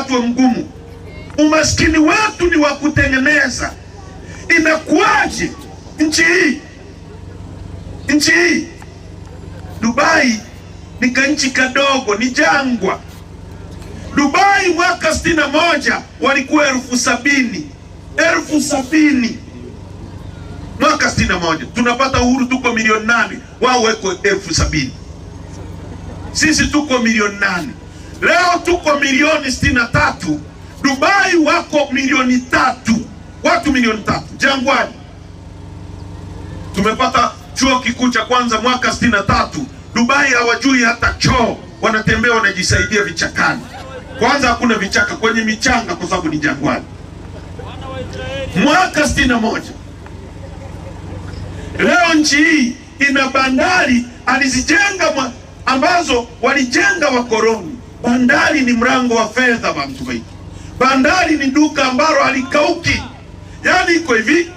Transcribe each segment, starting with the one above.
wakati wa mgumu. Umaskini wetu ni wa kutengeneza. Inakuwaje nchi hii, nchi hii Dubai ni kanchi kadogo, ni jangwa. Dubai mwaka sitini na moja walikuwa elfu sabini elfu sabini mwaka sitini na moja tunapata uhuru, tuko milioni nane, wao weko elfu sabini sisi tuko milioni nane. Leo tuko milioni sitini na tatu, Dubai wako milioni tatu, watu milioni tatu. Jangwani tumepata chuo kikuu cha kwanza mwaka sitini na tatu. Dubai hawajui hata choo, wanatembea wanajisaidia vichakani. Kwanza hakuna vichaka kwenye michanga kwa sababu ni jangwani. Mwaka sitini na moja leo nchi hii ina bandari alizijenga ambazo walijenga wakoloni Bandari ni mlango wa fedha bamtumaini. Bandari ni duka ambalo halikauki. Yaani iko hivi,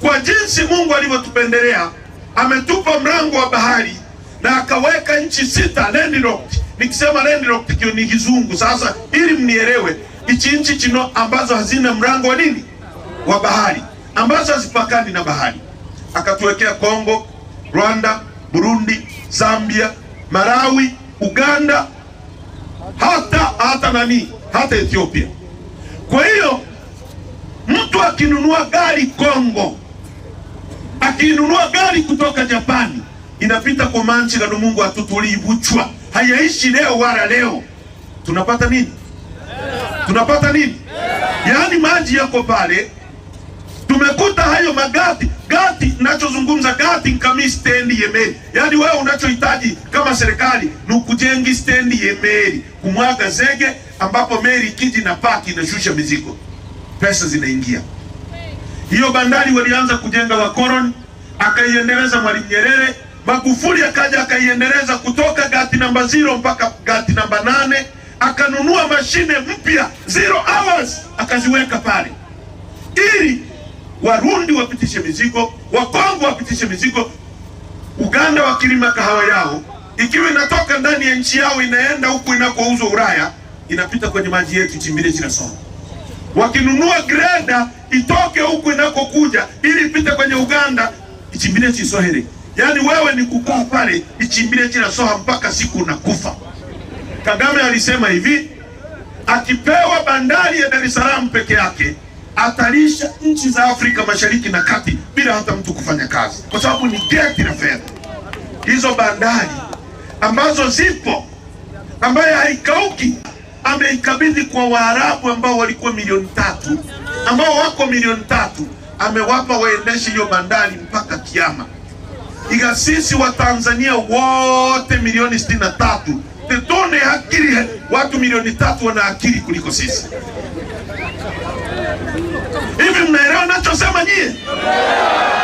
kwa jinsi Mungu alivyotupendelea ametupa mlango wa bahari na akaweka nchi sita landlocked. Nikisema landlocked ni kizungu sasa, ili mnielewe, hichi nchi chino ambazo hazina mlango wa nini wa bahari, ambazo hazipakani na bahari. Akatuwekea Kongo, Rwanda, Burundi, Zambia, Malawi, Uganda hata hata nani hata Ethiopia. Kwa hiyo mtu akinunua gari Kongo, akinunua gari kutoka Japani, inapita kwa manchi kadu Mungu atutulivuchwa hayaishi leo wala leo. Tunapata nini? Tunapata nini? Yaani maji yako pale, tumekuta hayo magati kami stendi ya meli. Yaani wewe unachohitaji kama serikali ni ukujengi stendi ya meli, kumwaga zege ambapo meli ikiji na paki inashusha mizigo, pesa zinaingia. Hiyo bandari walianza kujenga wakoloni, akaiendeleza Mwalimu Nyerere. Magufuli akaja akaiendeleza kutoka gati namba zero mpaka gati namba nane akanunua mashine mpya zero hours akaziweka pale ili Warundi wapitishe mizigo, Wakongo wapitishe mizigo. Uganda wakilima kahawa yao, ikiwa inatoka ndani ya nchi yao inaenda huku inakouzwa Ulaya, inapita kwenye maji yetu, chimbile chinasoma. Wakinunua greda itoke huku inakokuja ili ipite kwenye Uganda, ichimbile chisohere. Yaani wewe ni kukaa pale, ichimbile soha mpaka siku unakufa. Kagame alisema hivi, akipewa bandari ya Dar es Salaam peke yake atalisha nchi za Afrika Mashariki na Kati bila hata mtu kufanya kazi, kwa sababu ni geti la fedha. Hizo bandari ambazo zipo, ambayo haikauki, ameikabidhi kwa Waarabu ambao walikuwa milioni tatu, ambao wako milioni tatu, amewapa waendeshe hiyo bandari mpaka kiama. Ila sisi wa Tanzania wote milioni sitini na tatu tuone akili, watu milioni tatu wana akili kuliko sisi. Hivi mnaelewa nachosema nyie?